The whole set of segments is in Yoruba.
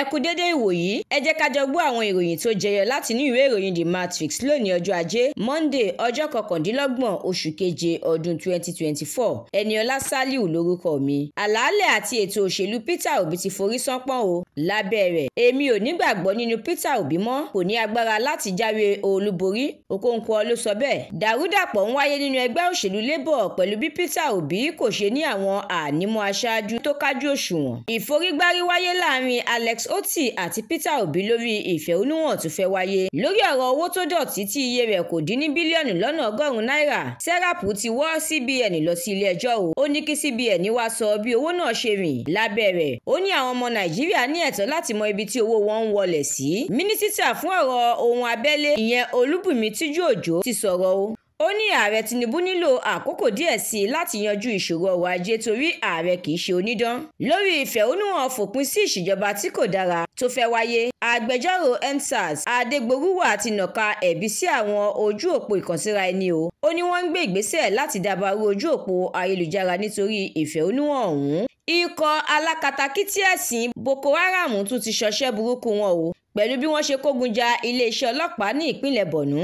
ẹ kú dédé ìwòyí ẹ jẹ́ ká jọ gbọ́ àwọn ìròyìn tó jẹyọ láti ní ìwé ìròyìn The Matrix lónìí ọjọ́ ajé Monday ọjọ́ kọkàndínlọ́gbọ̀n oṣù keje ọdún 2024 Ẹniọlá Saliu lórúkọ mi àlàálẹ̀ àti ètò òṣèlú Peter Obi ti forí sánpọ́n o lábẹ́ rẹ̀ èmi ò nígbàgbọ́ nínú Peter Obi mọ́ kò ní agbára láti jáwé olúborí Okonkwo ló sọ bẹ́ẹ̀ dàrúdàpọ̀ ń wáyé nínú ẹgbẹ́ òṣèlú Labour pẹ̀lú bí Peter Obi kò ṣe ní àwọn ànímọ́ aṣáájú tó kájú òṣùwọ̀n ìforígbárí wáyé láàrin Alex Otti àti Peter Obi lórí ìfẹ̀hónúhàn tó fẹ́ wáyé lórí ọ̀rọ̀ owó tó dọ̀tí tí iye rẹ̀ kò dín ní bílíọ̀nù lọ́nà ọgọ́rùn-ún náírà Serap ti wọ́ CBN lọ sí ilé ẹjọ́ o ó ní kí CBN wá sọ bí owó náà ṣe rìn lábẹ́ ẹ̀tọ́ láti mọ ibi tí owó wọn ń wọlẹ̀ sí. mínísítà fún ọ̀rọ̀ ohun abẹ́lé ìyẹn olúbùnmi tíjú òjò ti sọ̀rọ̀ o ó ní ààrẹ tinubu nílò àkókò díẹ̀ sí i láti yanjú ìṣòro ọrọ̀ ajé torí ààrẹ kìí ṣe onídán lórí ìfẹ̀hónúhàn fòpin sí ìṣèjọba tí kò dára tó fẹ́ wáyé agbẹjọ́rò endsars adégbòrúwà ti nàka ẹ̀bi sí àwọn ojú òpó ìkànsíra ẹni o ó ní wọ́n ń gbé ìgbésẹ̀ láti dàbàrú ojú òpó ayélujára nítorí ìfẹ̀hónúhàn ọ̀hún ikọ̀ alákatakítí ẹ̀sìn boko haram tún ti ṣọṣẹ́ burúkú wọn o pẹ̀lú bí wọ́n ṣe kógun ja iléeṣẹ́ ọlọ́pàá ní ìpínlẹ̀ bọ̀nú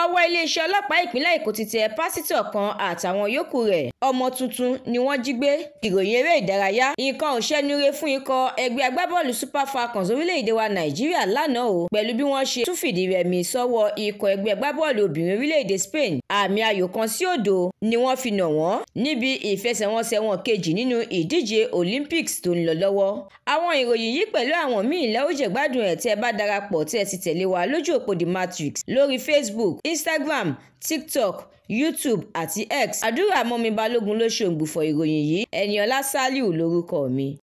ọwọ́ iléeṣẹ́ ọlọ́pàá ìpínlẹ̀ èkó ti tẹ pásítọ̀ kan àtàwọn yòókù rẹ̀ ọmọ tuntun ni wọ́n jí gbé ìròyìn eré ìdárayá nǹkan ò ṣẹ́nure fún ikọ̀ ẹgbẹ́ agbábọ́ọ̀lù super falcons orílẹ̀-èdè wa nàìjíríà lánàá o pẹ̀lú bí wọ́n ṣe tún fìdí rẹmi sọ́wọ́ ikọ̀ ẹgbẹ́ agbábọ́ọ̀lù obìnrin orílẹ̀-èdè spain àmì ayò kan sí òdo ni wọ́n fi nà wọ́n níbi ìfẹsẹ̀wọnsẹ̀ wọn kejì nínú ìdíje Olympics tó ń lọ lọ́wọ́. àwọn ìròyìn yìí pẹ̀lú àwọn míì lẹ́ ó jẹ̀gbádùn ẹ̀ tí ẹ bá darapọ̀ tí ẹ ti tẹ̀lé wa lójú òpó The Matrix lórí Facebook, Instagram, TikTok, YouTube àti X. àdúrà mọ́mi balógun ló ṣòǹgbù fọ ìròyìn yìí Ẹniọlá Sálíù